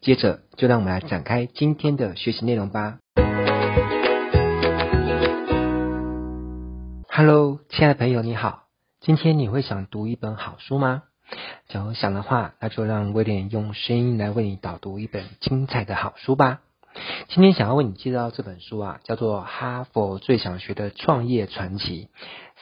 接着，就讓我們來展開今天的學習內容吧。哈嘍，親愛的朋友，你好。今天你會想讀一本好書嗎？想想的話，那就讓威廉用聲音來為你導讀一本精彩的好書吧。今天想要為你介紹這本書啊，叫做《哈佛最想學的創業傳奇》，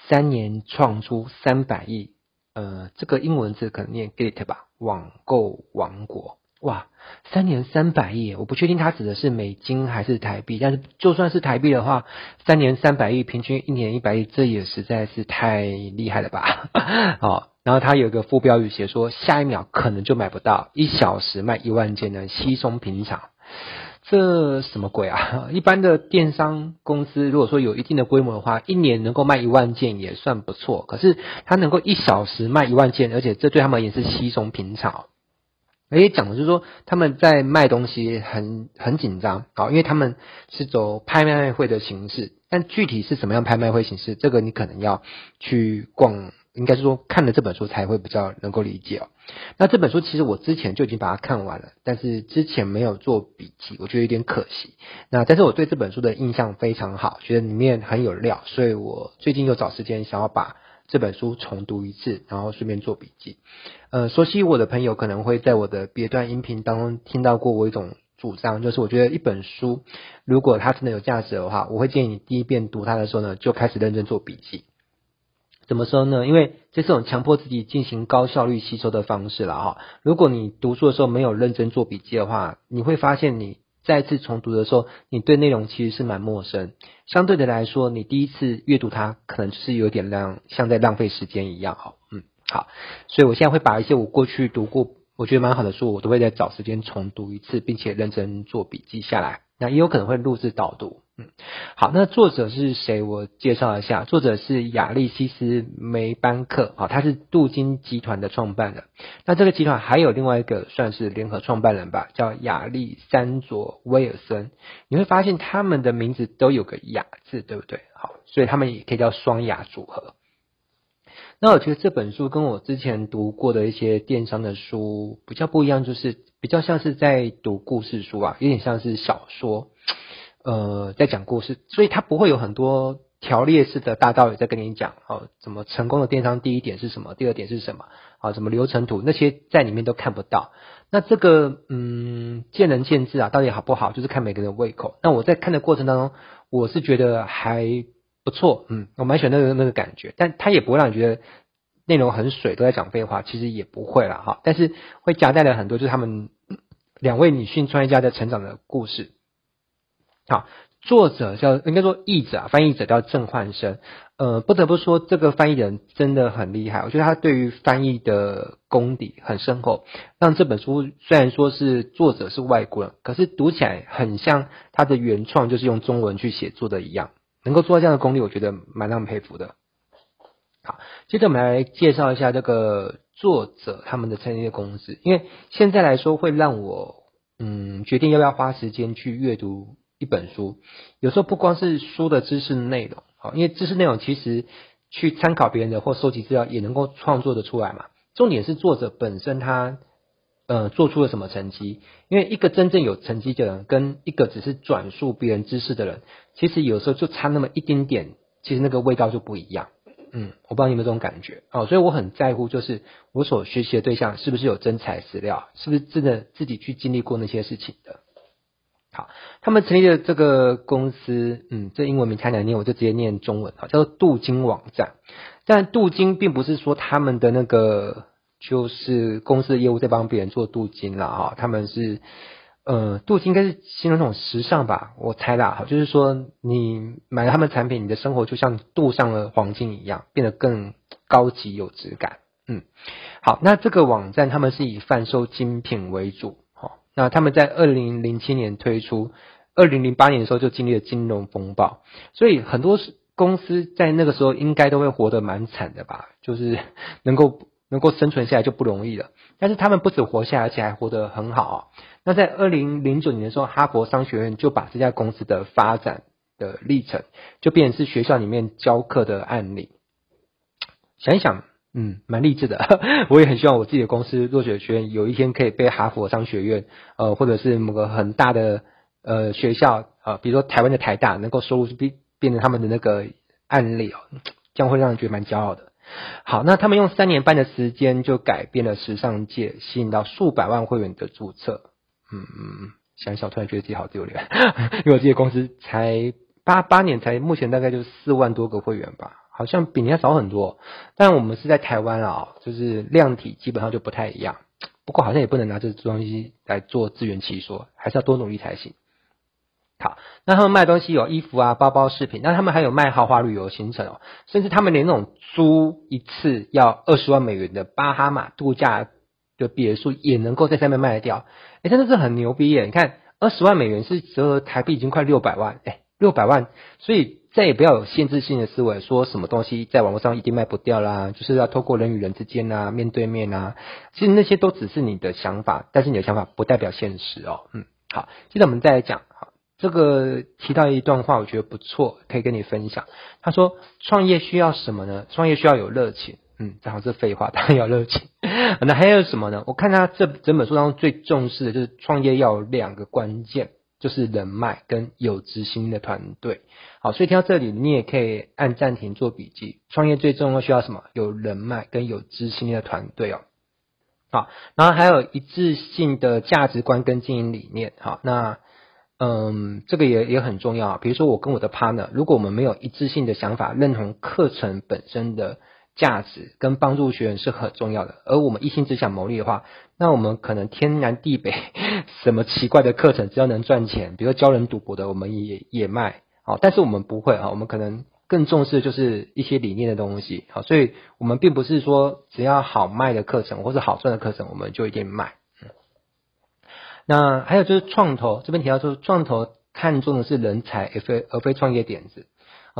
三年創出三百億。呃，這個英文字可能念 Gate 吧，網購王國。哇，三年三百億，我不確定他指的是美金還是台幣，但是就算是台幣的話，三年三百億，平均一年一百億，這也實在是太厲害了吧？ 哦，然後他有一個副標語寫說，下一秒可能就買不到，一小時賣一萬件的稀鬆平常，這什麼鬼啊？一般的電商公司，如果說有一定的規模的話，一年能夠賣一萬件也算不錯，可是他能夠一小時賣一萬件，而且這對他們也是稀鬆平常。而且講的就是說，他們在賣東西很很緊張，哦，因為他們是走拍賣會的形式，但具體是什麼樣拍賣會形式，這個你可能要去逛，應該是說看了這本書才會比較能夠理解哦。那這本書其實我之前就已經把它看完了，但是之前沒有做筆記，我覺得有點可惜。那但是我對這本書的印象非常好，覺得裡面很有料，所以我最近又找時間想要把。這本書重讀一次，然後順便做筆記。呃，熟悉我的朋友可能會在我的別段音頻當中聽到過我一種主張，就是我覺得一本書如果它真的有價值的話，我會建議你第一遍讀它的時候呢，就開始認真做筆記。怎麼說呢？因為這是種強迫自己進行高效率吸收的方式了哈。如果你讀書的時候沒有認真做筆記的話，你會發現你。再次重讀的時候，你對內容其實是蠻陌生。相對的來說，你第一次閱讀它，可能就是有點浪，像在浪費時間一樣。好，嗯，好。所以我現在會把一些我過去讀過，我覺得蠻好的書，我都會再找時間重讀一次，並且認真做筆記下來。那也有可能會錄製導讀。嗯、好，那作者是誰？我介紹一下，作者是雅利西斯梅班克，哦、他是鍍金集團的創辦人。那這個集團還有另外一個算是聯合創辦人吧，叫雅利三卓威爾森。你會發現他們的名字都有個“雅”字，對不對？好，所以他們也可以叫雙雅組合。那我覺得這本書跟我之前讀過的一些電商的書比較不一樣，就是比較像是在讀故事書啊，有點像是小說。呃，在講故事，所以它不會有很多條列式的大道理在跟你講，哦，怎麼成功的電商第一點是什麼，第二點是什麼，啊、哦，什麼流程圖那些在裡面都看不到。那這個，嗯，見仁見智啊，到底好不好，就是看每個人的胃口。那我在看的過程當中，我是覺得還不錯，嗯，我蠻喜歡那個那個感覺，但它也不會讓你覺得內容很水，都在講廢話，其實也不會了哈、哦。但是會夾帶了很多，就是他們、嗯、兩位女性創業家在成長的故事。好，作者叫，應該說譯者啊，翻譯者叫鄭煥生。呃，不得不說，這個翻譯人真的很厲害。我覺得他對於翻譯的功底很深厚，讓這本書雖然說是作者是外國人，可是讀起來很像他的原創，就是用中文去寫作的一樣。能夠做到這樣的功力，我覺得蠻讓人佩服的。好，接着我們來介紹一下這個作者他們的成立的公司，因為現在來說會讓我嗯決定要不要花時間去閱讀。一本書，有時候不光是書的知識內容，好，因為知識內容其實去參考別人的或收集資料也能夠創作得出來嘛。重點是作者本身他，呃，做出了什麼成績？因為一個真正有成績的人跟一個只是轉述別人知識的人，其實有時候就差那麼一丁點，其實那個味道就不一樣。嗯，我不知道你有沒有這種感覺，哦，所以我很在乎，就是我所學習的對象是不是有真材實料，是不是真的自己去經歷過那些事情的。好，他們成立的這個公司，嗯，這英文名太難念，我就直接念中文，叫做鍍金網站。但鍍金並不是說他們的那個就是公司的業務在幫別人做鍍金了啊，哦，他們是呃，鍍金應該是形容那種時尚吧，我猜啦，就是說你買了他們產品，你的生活就像鍍上了黃金一樣，變得更高級有質感。嗯，好，那這個網站他們是以販售精品為主。那他們在二零零七年推出，二零零八年的時候就經歷了金融風暴，所以很多公司在那個時候應該都會活得蠻慘的吧？就是能夠能夠生存下來就不容易了。但是他們不止活下來，而且還活得很好哦。那在二零零九年的時候，哈佛商學院就把這家公司的發展的歷程，就變成是學校裡面教課的案例。想一想。嗯，蠻勵志的，我也很希望我自己的公司若雪學院有一天可以被哈佛商學院，呃，或者是某個很大的呃學校啊，呃，比如說台灣的台大，能夠收入變變成他們的那個案例哦，這樣會讓人覺得蠻驕傲的。好，那他們用三年半的時間就改變了時尚界，吸引到數百萬會員的注冊。嗯，想想突然覺得自己好丟臉， 因為我自己的公司才八八年才，目前大概就是四萬多個會員吧。好像比人家少很多，但我們是在台灣啊、哦，就是量體基本上就不太一樣。不過好像也不能拿這東西來做自圓其說，還是要多努力才行。好，那他們賣東西有衣服啊、包包、飾品，那他們還有賣豪華旅遊行程哦，甚至他們連那種租一次要二十萬美元的巴哈馬度假的別墅也能夠在上面賣得掉，哎，真的是很牛逼耶！你看，二十萬美元是折合台幣已經快六百萬，哎。六百萬，所以再也不要有限制性的思維，說什麼東西在網絡上一定賣不掉啦，就是要透過人與人之間啊，面對面啊。其實那些都只是你的想法，但是你的想法不代表現實哦。嗯，好，接着我們再來講，好，這個提到一段話，我覺得不錯，可以跟你分享。他說，創業需要什麼呢？創業需要有熱情，嗯，然後是廢話，當然要熱情。那、啊、還有什麼呢？我看他這整本書當中最重視的就是創業要有兩個關鍵。就是人脈跟有知心的團隊，好，所以聽到這裡，你也可以按暫停做筆記。創業最重要需要什麼？有人脈跟有知心的團隊哦。好，然後還有一致性的價值觀跟經營理念。好，那嗯，這個也也很重要啊。比如說我跟我的 partner，如果我們沒有一致性的想法，認同課程本身的。價值跟幫助學員是很重要的，而我們一心只想牟利的話，那我們可能天南地北，什麼奇怪的課程只要能賺錢，比如教人賭博的，我們也也賣。好，但是我們不會啊，我們可能更重視就是一些理念的東西。好，所以我們並不是說只要好賣的課程或者好賺的課程我們就一定賣。嗯，那還有就是創投這邊提到說創投看重的是人才，而非而非創業點子。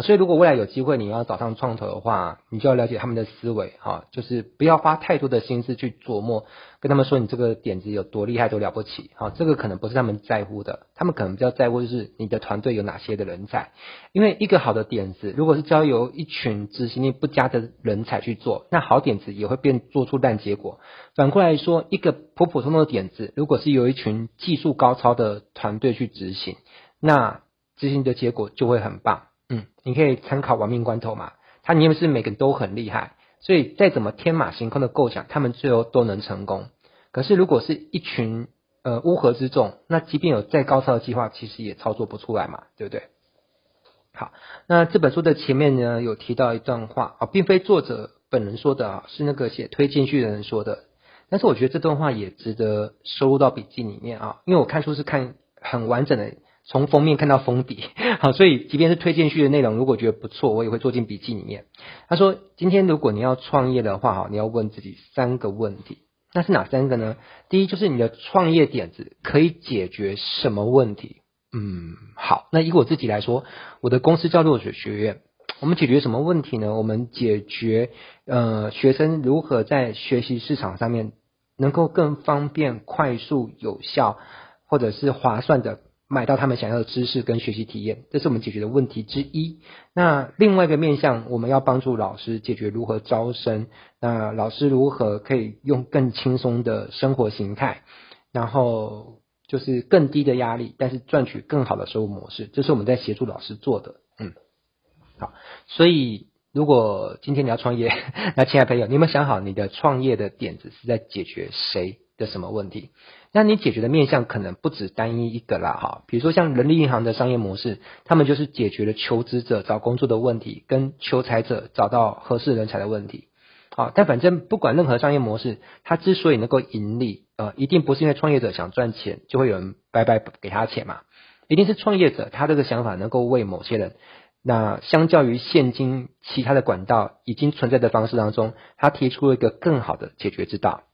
所以如果未來有機會，你要找上創投的話，你就要了解他們的思維，哈，就是不要花太多的心思去琢磨，跟他們說你這個點子有多厲害、多了不起，哈，這個可能不是他們在乎的，他們可能比較在乎就是你的團隊有哪些的人才，因為一個好的點子，如果是交由一群執行力不佳的人才去做，那好點子也會變做出爛結果。反過來說，一個普普通通的點子，如果是由一群技術高超的團隊去執行，那執行的結果就會很棒。嗯，你可以參考《亡命關頭》嘛，他因為是每個人都很厲害，所以再怎麼天馬行空的構想，他們最後都能成功。可是如果是一群呃烏合之眾，那即便有再高超的計劃，其實也操作不出來嘛，對不對？好，那這本書的前面呢，有提到一段話啊、哦，並非作者本人說的啊，是那個寫推薦序的人說的。但是我覺得這段話也值得收入到筆記裡面啊、哦，因為我看書是看很完整的。從封面看到封底，好，所以即便是推薦序的內容，如果覺得不錯，我也會做進筆記裡面。他說，今天如果你要創業的話，哈，你要問自己三個問題，那是哪三個呢？第一就是你的創業點子可以解決什麼問題？嗯，好，那以我自己來說，我的公司叫落水學院，我們解決什麼問題呢？我們解決，呃，學生如何在學習市場上面能夠更方便、快速、有效，或者是划算的。買到他們想要的知識跟學習體驗，這是我們解決的問題之一。那另外一個面向，我們要幫助老師解決如何招生，那老師如何可以用更輕鬆的生活形態，然後就是更低的壓力，但是賺取更好的收入模式，這是我們在協助老師做的。嗯，好，所以如果今天你要創業，那親愛的朋友，你有沒有想好你的創業的點子是在解決誰的什麼問題？那你解決的面向可能不止單一一個啦，哈，比如說像人力銀行的商業模式，他們就是解決了求職者找工作的問題，跟求才者找到合適人才的問題，好，但反正不管任何商業模式，它之所以能夠盈利，呃，一定不是因為創業者想賺錢就會有人白白給他錢嘛，一定是創業者他這個想法能夠為某些人，那相較於現今其他的管道已經存在的方式當中，他提出了一個更好的解決之道。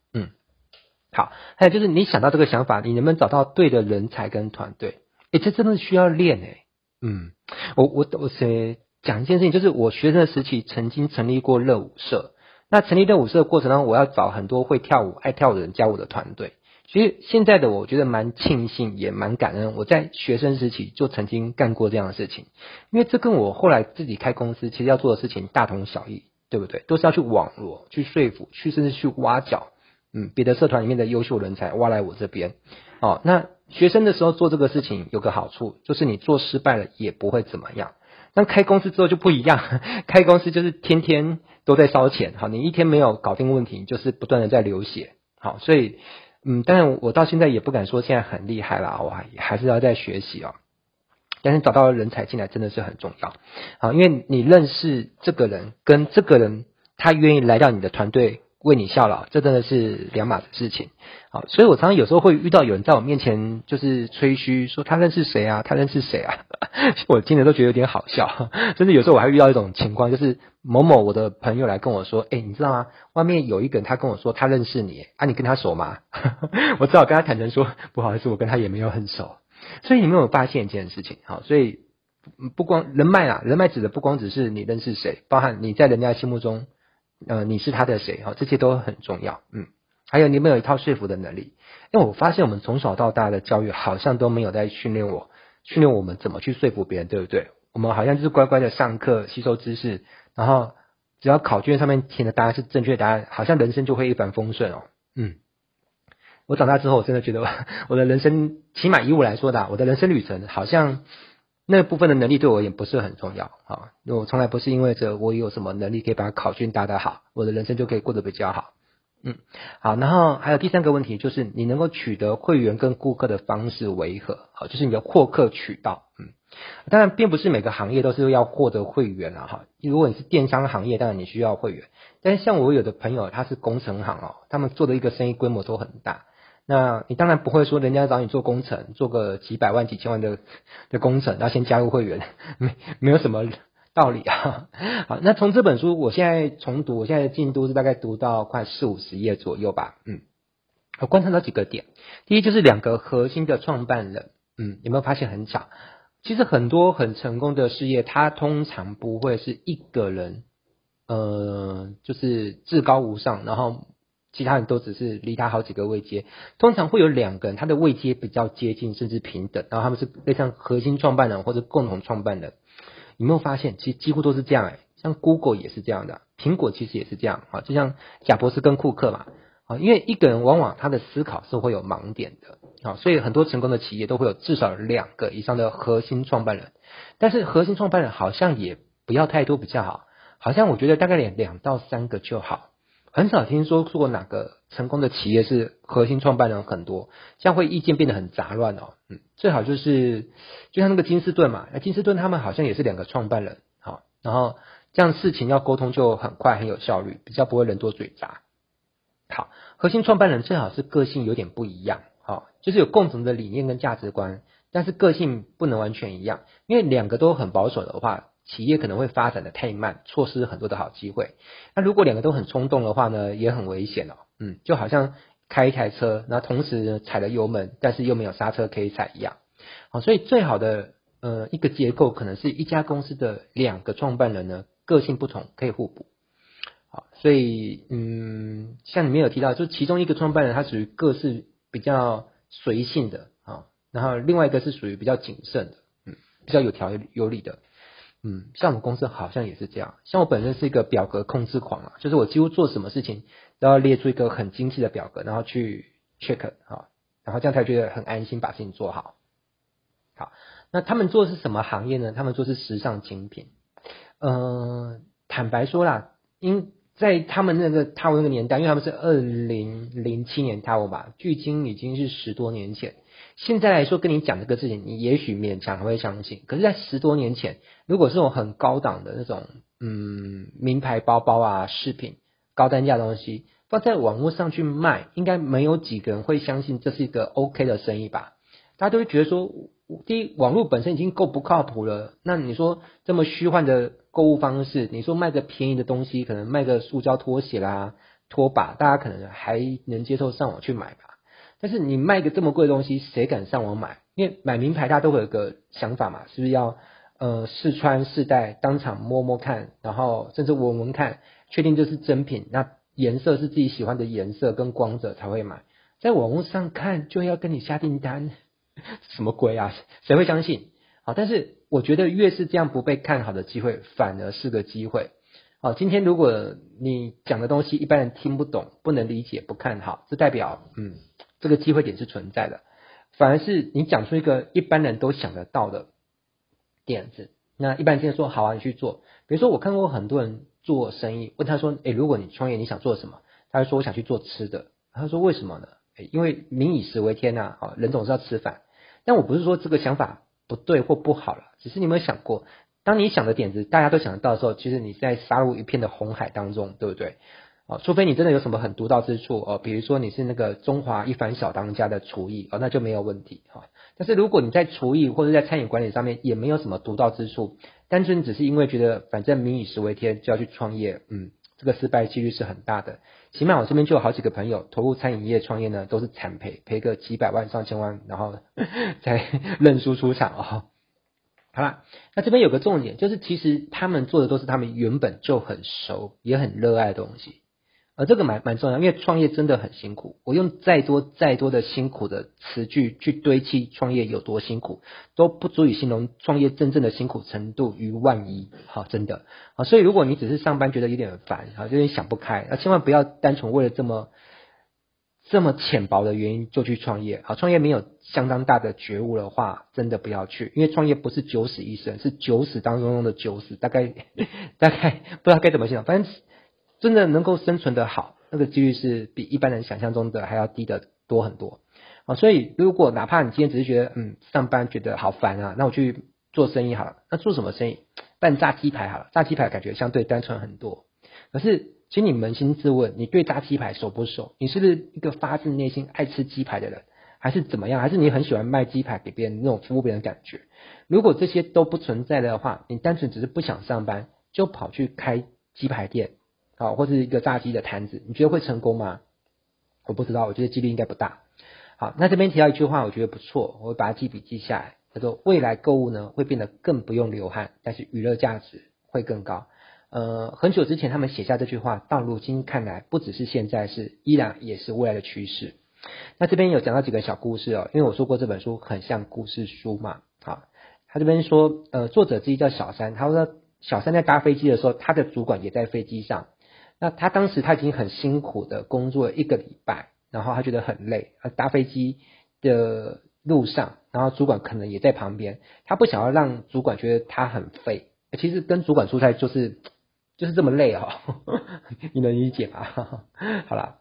好，還有就是你想到這個想法，你能不能找到對的人才跟團隊？哎、欸，這真的需要練哎、欸。嗯，我我我先講一件事情，就是我學生的時期曾經成立過熱舞社。那成立熱舞社的過程當中，我要找很多會跳舞、愛跳舞的人，加我的團隊。所以現在的我覺得蠻慶幸，也蠻感恩，我在學生時期就曾經幹過這樣的事情，因為這跟我後來自己開公司其實要做的事情大同小異，對不對？都是要去網羅、去說服、去甚至去挖角。嗯，別的社團裡面的優秀人才挖來我這邊，哦，那學生的時候做這個事情有個好處，就是你做失敗了也不會怎麼樣。那開公司之後就不一樣，開公司就是天天都在燒錢，好、哦，你一天沒有搞定問題，就是不斷的在流血，好、哦，所以，嗯，但我到現在也不敢說現在很厲害了，我還是要再學習哦。但是找到人才進來真的是很重要，好、哦，因為你認識這個人，跟這個人他願意來到你的團隊。為你效勞，這真的是兩碼的事情。好，所以我常常有時候會遇到有人在我面前就是吹噓說他認識誰啊，他認識誰啊， 我聽着都覺得有點好笑。甚至有時候我還會遇到一種情況，就是某某我的朋友來跟我說，哎、欸，你知道嗎？外面有一個人他跟我說他認識你啊，你跟他熟嗎？ 我只好跟他坦誠說，不好意思，我跟他也沒有很熟。所以你有沒有發現一件事情？好，所以不光人脈啊，人脈指的不光只是你認識誰，包含你在人家的心目中。呃，你是他的誰哈？這些都很重要。嗯，還有你有沒有一套說服的能力，因為我發現我們從小到大的教育好像都沒有在訓練我，訓練我們怎麼去說服別人，對不對？我們好像就是乖乖的上課吸收知識，然後只要考卷上面填的答案是正確的答案，好像人生就會一帆風順哦。嗯，我長大之後我真的覺得我的人生，起碼以我來說的，我的人生旅程好像。那部分的能力對我也不是很重要啊，因、哦、我從來不是因為着我有什麼能力可以把考卷答得好，我的人生就可以過得比較好。嗯，好，然後還有第三個問題就是你能夠取得會員跟顧客的方式為何？好，就是你的獲客渠道。嗯，當然並不是每個行業都是要獲得會員啊，哈，如果你是電商行業，當然你需要會員，但是像我有的朋友他是工程行哦，他們做的一個生意規模都很大，那你當然不會說人家找你做工程，做個幾百萬幾千萬的的工程，然後先加入會員，沒沒有什麼道理啊。好，那從這本書，我現在重讀，我現在的進度是大概讀到快四五十頁左右吧。嗯，我觀察到幾個點，第一就是兩個核心的創辦人，嗯，有沒有發現很巧？其實很多很成功的事業，它通常不會是一個人，呃，就是至高無上，然後。其他人都只是離他好幾個位階，通常會有兩個人，他的位階比較接近甚至平等，然後他們是類似像核心創辦人或者共同創辦人。有沒有發現，其幾乎都是這樣哎、欸，像 Google 也是這樣的，蘋果其實也是這樣啊，就像賈伯斯跟庫克嘛啊，因為一個人往往他的思考是會有盲點的啊，所以很多成功的企業都會有至少兩個以上的核心創辦人，但是核心創辦人好像也不要太多比較好，好像我覺得大概兩兩到三個就好。很少聽說做哪個成功的企業是核心創辦人很多，這樣會意見變得很雜亂哦。嗯，最好就是就像那個金士頓嘛，那金士頓他們好像也是兩個創辦人，好、哦，然後這樣事情要溝通就很快很有效率，比較不會人多嘴雜。好，核心創辦人最好是個性有點不一樣，哈、哦，就是有共同的理念跟價值觀，但是個性不能完全一樣，因為兩個都很保守的話。企業可能會發展的太慢，錯失很多的好機會。那如果兩個都很衝動的話呢，也很危險哦。嗯，就好像開一台車，然後同時呢踩了油門，但是又沒有剎車可以踩一樣。好，所以最好的呃一個結構，可能是一家公司的兩個創辦人呢，個性不同，可以互補。好，所以嗯，像你沒有提到，就其中一個創辦人他屬於個性比較隨性的啊，然後另外一個是屬於比較謹慎的，嗯，比較有條有理的。嗯，像我們公司好像也是這樣。像我本身是一個表格控制狂啊，就是我幾乎做什麼事情都要列出一個很精細的表格，然後去 check 啊，然後這樣才覺得很安心，把事情做好。好，那他們做的是什麼行業呢？他們做的是時尚精品。呃，坦白說啦，因在他們那個 tower 那個年代，因為他們是二零零七年 tower 吧，距今已經是十多年前。現在來說跟你講這個事情，你也許勉強還會相信。可是，在十多年前，如果這種很高檔的那種，嗯，名牌包包啊、飾品、高單價東西放在網絡上去賣，應該沒有幾個人會相信這是一個 OK 的生意吧？大家都會覺得說，第一，網絡本身已經夠不靠譜了。那你說這麼虛幻的購物方式，你說賣個便宜的東西，可能賣個塑膠拖鞋啦、拖把，大家可能還能接受上網去買吧？但是你賣個這麼貴的東西，誰敢上網買？因為買名牌，大家都會有個想法嘛，是不是要呃試穿試戴，當場摸摸看，然後甚至聞聞看，確定就是真品，那顏色是自己喜歡的顏色跟光澤才會買。在網絡上看就要跟你下訂單， 什麼鬼啊？誰會相信？好，但是我覺得越是這樣不被看好的機會，反而是個機會。好，今天如果你講的東西一般人聽不懂、不能理解、不看好，這代表嗯。這個機會點是存在的，反而是你講出一個一般人都想得到的點子，那一般人就會說好啊，你去做。比如說我看過很多人做生意，問他說，誒、欸、如果你創業，你想做什麼？他就說我想去做吃的。他說為什麼呢？欸，因為民以食為天啊，人總是要吃飯。但我不是說這個想法不對或不好了，只是你有沒有想過，當你想的點子大家都想得到的時候，其實你在殺入一片的紅海當中，對不對？啊、哦，除非你真的有什麼很獨到之處哦，比如說你是那個中華一番小當家的廚藝哦，那就沒有問題哈、哦。但是如果你在廚藝或者在餐飲管理上面也沒有什麼獨到之處，單純只是因為覺得反正民以食為天就要去創業，嗯，這個失敗幾率是很大的。起碼我身邊就有好幾個朋友投入餐飲業創業呢，都是慘賠賠個幾百萬上千萬，然後 才認輸出場哦。好了，那這邊有個重點，就是其實他們做的都是他們原本就很熟也很熱愛的東西。而這個蠻蠻重要，因為創業真的很辛苦。我用再多再多的辛苦的詞句去堆砌創業有多辛苦，都不足以形容創業真正的辛苦程度於萬一。好，真的。好，所以如果你只是上班覺得有點煩，啊，就有點想不開，啊，千萬不要單純為了這麼這麼淺薄的原因就去創業。好，創業沒有相當大的覺悟的話，真的不要去，因為創業不是九死一生，是九死當中的九死，大概大概不知道該怎麼形容，反正。真的能夠生存的好，那個幾率是比一般人想象中的還要低得多很多啊、哦！所以，如果哪怕你今天只是覺得，嗯，上班覺得好煩啊，那我去做生意好了。那做什麼生意？辦炸雞排好了。炸雞排感覺相對單純很多。可是，請你捫心自問，你對炸雞排熟不熟？你是不是一個發自內心愛吃雞排的人？還是怎麼樣？還是你很喜歡賣雞排給別人那種服務別人的感覺？如果這些都不存在的話，你單純只是不想上班，就跑去開雞排店。哦，或是一個炸雞的攤子，你覺得會成功嗎？我不知道，我覺得幾率應該不大。好，那這邊提到一句話，我覺得不錯，我會把它記筆記下來，叫做“未來購物呢會變得更不用流汗，但是娛樂價值會更高”。呃，很久之前他們寫下這句話，到如今看來，不只是現在是，依然也是未來的趨勢。那這邊有講到幾個小故事哦，因為我說過這本書很像故事書嘛。好，他這邊說，呃，作者自己叫小三，他說小三在搭飛機的時候，他的主管也在飛機上。那他當時他已經很辛苦的工作了一個禮拜，然後他覺得很累，他搭飛機的路上，然後主管可能也在旁邊，他不想要讓主管覺得他很廢，其實跟主管出差就是，就是這麼累哦， 你能理解嗎？好了，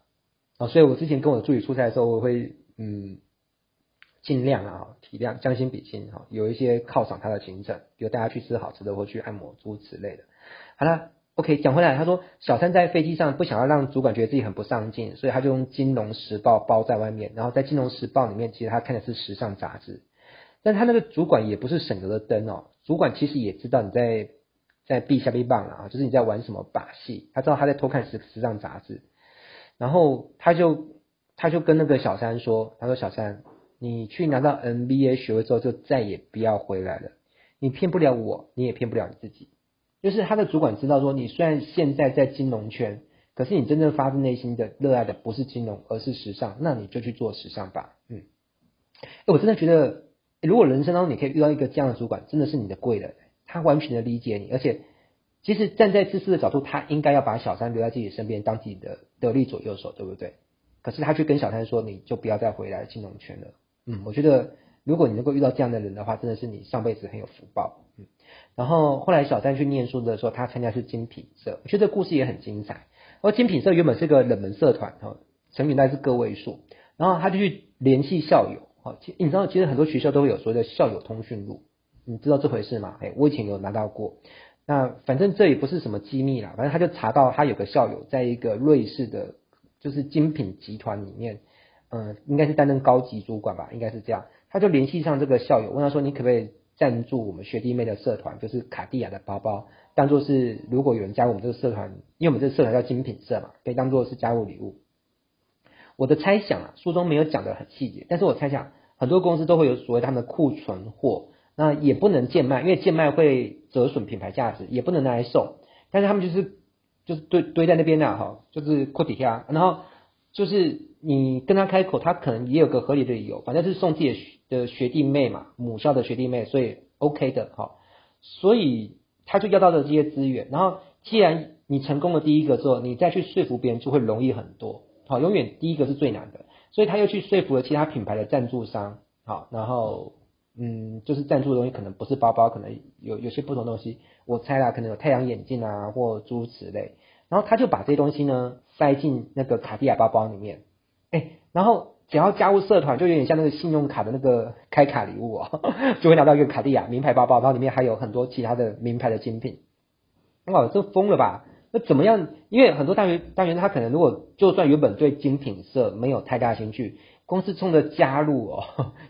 所以我之前跟我的助理出差的時候，我會嗯，盡量啊體諒，將心比心哈，有一些犒賞他的行程，比如帶他去吃好吃的或去按摩諸如此類的，好了。OK，講回來，他說小三在飛機上不想要讓主管覺得自己很不上進，所以他就用《金融時報》包在外面，然後在《金融時報》裡面，其實他看的是時尚雜誌。但他那個主管也不是省油的燈哦，主管其實也知道你在在閉下臂棒啊，就是你在玩什麼把戲，他知道他在偷看時時尚雜誌，然後他就他就跟那個小三說，他說小三，你去拿到 MBA 學位之後就再也不要回來了，你騙不了我，你也騙不了你自己。就是他的主管知道說，你雖然現在在金融圈，可是你真正發自內心的熱愛的不是金融，而是時尚，那你就去做時尚吧。嗯，欸、我真的覺得、欸，如果人生當中你可以遇到一個這樣的主管，真的是你的貴人，他完全的理解你，而且其實站在自私的角度，他應該要把小三留在自己身邊，當自己的得力左右手，對不對？可是他卻跟小三說，你就不要再回來金融圈了。嗯，我覺得如果你能夠遇到這樣的人的話，真的是你上輩子很有福報。然後後來小三去念書的時候，他參加是精品社，我覺得這個故事也很精彩。而、哦、精品社原本是一個冷門社團，成員大概是個位數。然後他就去聯繫校友、哦其欸、你知道其實很多學校都會有所謂的校友通訊錄，你知道這回事嗎？欸、我以前有拿到過。那反正這也不是什麼機密啦，反正他就查到他有個校友在一個瑞士的，就是精品集團裡面，嗯，應該是擔任高級主管吧，應該是這樣。他就聯繫上這個校友，問他說：“你可不可以？”贊助我們學弟妹的社團，就是卡地亞的包包，當做是如果有人加入我們這個社團，因為我們這個社團叫精品社嘛，可以當做是加入禮物。我的猜想啊，書中沒有講得很細節，但是我猜想很多公司都會有所謂他們的庫存貨，那也不能賤賣，因為賤賣會折損品牌價值，也不能拿來送，但是他們就是就是堆堆在那邊啊，齁，就是庫底下，然後就是。你跟他開口，他可能也有個合理的理由，反正就是送自己的學弟妹嘛，母校的學弟妹，所以 OK 的，哈，所以他就要到了這些資源。然後，既然你成功了第一個之後，你再去說服別人就會容易很多，好，永遠第一個是最難的，所以他又去說服了其他品牌的贊助商，好，然後，嗯，就是贊助的東西可能不是包包，可能有有些不同東西，我猜啦，可能有太陽眼鏡啊或諸如此類，然後他就把這些東西呢塞進那個卡地亞包包裡面。哎、欸，然後只要加入社團，就有點像那個信用卡的那個開卡禮物哦，就會拿到一個卡地亞名牌包包，然後裡面還有很多其他的名牌的精品。哇，這瘋了吧？那怎麼樣？因為很多大學，大學他可能如果就算原本對精品社沒有太大興趣，光是衝着加入哦，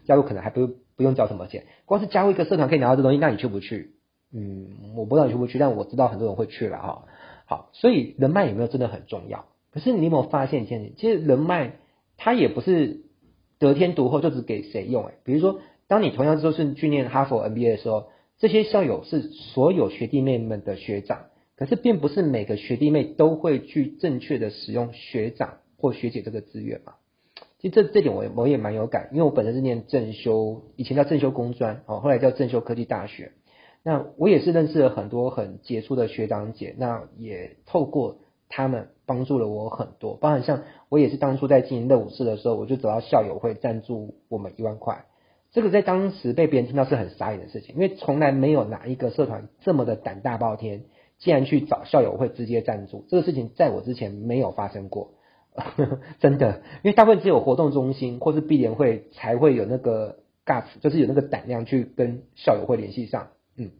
加入可能還不不用交什麼錢，光是加入一個社團可以拿到這東西，那你去不去？嗯，我不知道你去不去，但我知道很多人會去了哈、哦。好，所以人脈有沒有真的很重要？可是你，你有沒有發現一件事情？其實人脈。他也不是得天獨厚就只給誰用誒。比如說，當你同樣都是去念哈佛 MBA 的時候，這些校友是所有學弟妹們的學長，可是並不是每個學弟妹都會去正確的使用學長或學姐這個資源嘛。其實這這點我也我也蠻有感，因為我本身是念正修，以前叫正修工專哦，後來叫正修科技大學，那我也是認識了很多很傑出的學長姐，那也透過。他們幫助了我很多，包括像我也是當初在經營熱舞社的時候，我就找到校友會贊助我們一萬塊。這個在當時被別人聽到是很傻眼的事情，因為從來沒有哪一個社團這麼的膽大包天，竟然去找校友會直接贊助，這個事情在我之前沒有發生過， 真的，因為大部分只有活動中心或是畢聯會才會有那個 guts，就是有那個膽量去跟校友會聯繫上。嗯，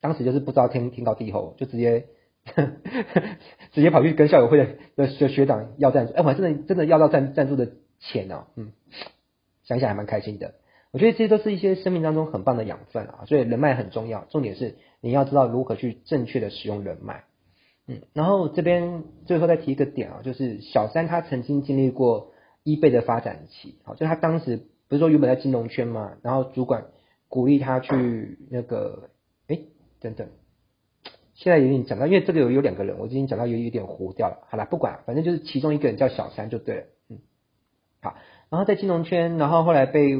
當時就是不知道天高地厚，就直接。 直接跑去跟校友會的學學長要贊助，哎，我真的真的要到贊，贊助的錢哦，嗯，想想還蠻開心的。我覺得這些都是一些生命當中很棒的養分啊，所以人脈很重要，重點是你要知道如何去正確的使用人脈。嗯，然後這邊最後再提一個點啊，就是小三他曾經經歷過 eBay 的發展期，好，就他當時不是說原本在金融圈嘛，然後主管鼓勵他去那個，哎，等等。現在有點講到，因為這個有有兩個人，我已經講到有有點糊掉了。好了，不管，反正就是其中一個人叫小三就對了。嗯，好，然後在金融圈，然後後來被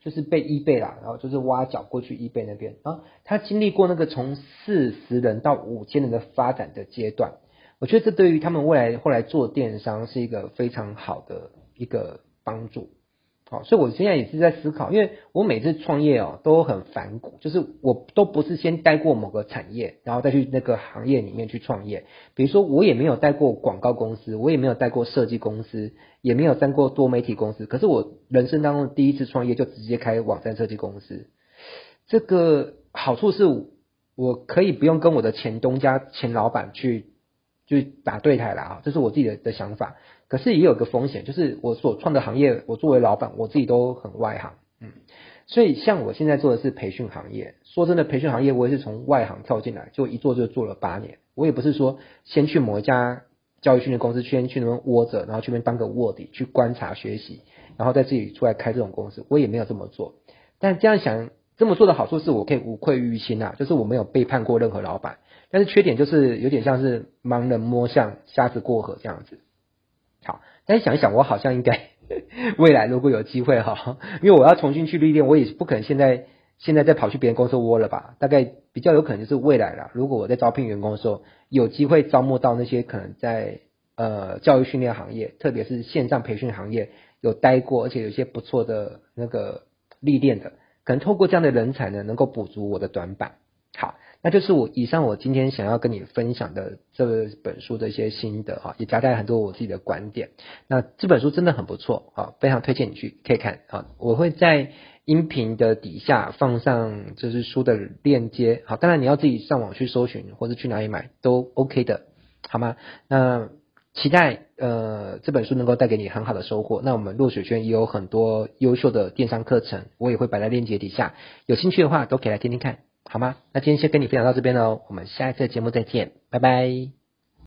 就是被 eBay 啦，然後就是挖角過去 eBay 那邊。然後他經歷過那個從四十人到五千人的發展的階段，我覺得這對於他們未來後來做電商是一個非常好的一個幫助。好，所以我現在也是在思考，因為我每次創業哦都很反骨，就是我都不是先待過某個產業，然後再去那個行業裡面去創業。比如說，我也沒有待過廣告公司，我也沒有待過設計公司，也沒有待過多媒體公司。可是我人生當中第一次創業就直接開網站設計公司，這個好處是我可以不用跟我的前東家、前老板去，就打對台了啊，這是我自己的的想法。可是也有一個風險，就是我所創的行業，我作為老板，我自己都很外行，嗯，所以像我現在做的是培訓行業，說真的，培訓行業我也是從外行跳進來，就一做就做了八年。我也不是說先去某一家教育訓練公司，先去那邊窩着，然後去那邊當個臥底去觀察學習，然後再自己出來開這種公司，我也沒有這麼做。但這樣想，這麼做的好處是我可以無愧於心吶，就是我沒有背叛過任何老板。但是缺點就是有點像是盲人摸象、瞎子過河這樣子。好，但是想一想，我好像應該未來如果有機會哈，因為我要重新去歷練，我也不可能現在現在再跑去別人公司窩了吧？大概比較有可能就是未來啦。如果我在招聘員工的時候有機會招募到那些可能在呃教育訓練行業，特別是線上培訓行業有待過，而且有些不錯的那個歷練的，可能透過這樣的人才呢，能夠補足我的短板。好。那就是我以上我今天想要跟你分享的這本書的一些心得啊，也夾帶很多我自己的觀點。那這本書真的很不錯啊，非常推薦你去可以看啊。我會在音頻的底下放上就是書的鏈接，好，當然你要自己上網去搜尋或者去哪裡買都 OK 的，好嗎？那期待呃這本書能夠帶給你很好的收穫。那我們落雪圈也有很多優秀的電商課程，我也會擺在鏈接底下，有興趣的話都可以來聽聽看。好嗎？那今天先跟你分享到這邊嘍，我們下一次的節目再見，拜拜。